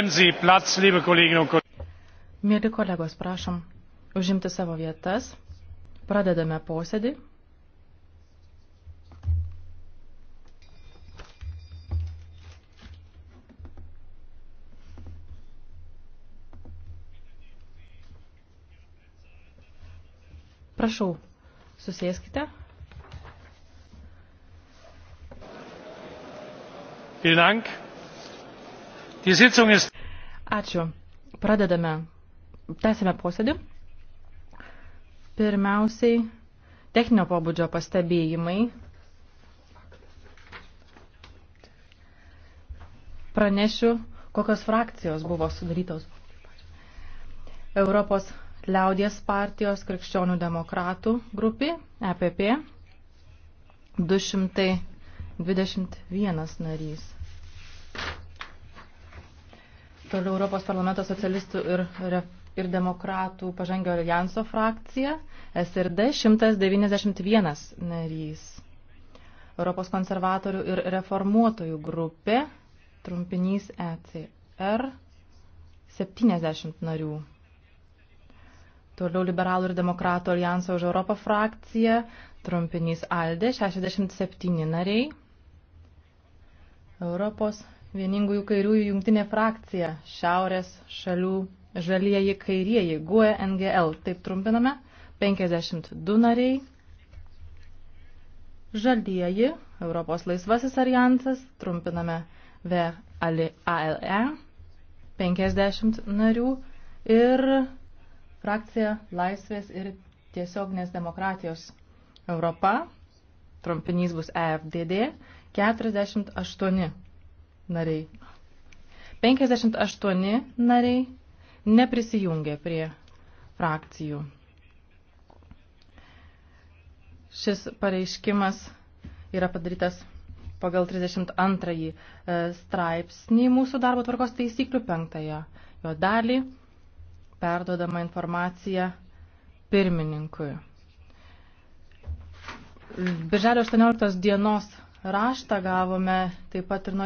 Mėly kolegos, prašom užimti savo vietas. Pradedame posėdį. Prašau, susėskite. Vielen Dank. Ačiū. Pradedame. Tęsime posėdį. Pirmiausiai, techninio pobūdžio pastebėjimai. Pranešiu, kokios frakcijos buvo sudarytos. Europos liaudies partijos krikščionių demokratų grupė, EPP, 221 narys. Toliau Europos parlamento socialistų ir, ir demokratų pažangio alijanso frakcija, SRD 191 narys. Europos konservatorių ir reformuotojų grupė, trumpinys ECR, 70 narių. Toliau liberalų ir demokratų alijanso už Europą frakcija, trumpinys ALDE, 67 nariai. Europos vieningųjų kairiųjų jungtinė frakcija Šiaurės šalių žalieji kairieji, GUE NGL, taip trumpiname, 52 nariai, žalieji, Europos laisvasis alijansas, trumpiname VALE, 50 narių ir frakcija Laisvės ir tiesioginės demokratijos Europa, trumpinys bus EFDD, 48 nariai. 58 nariai neprisijungė prie frakcijų. Šis pareiškimas yra padarytas pagal 32 e, straipsnį mūsų darbo tvarkos taisyklių penktąją jo dalį perduodama informacija pirmininkui. Birželio 18 dienos raštą gavome taip pat ir nuo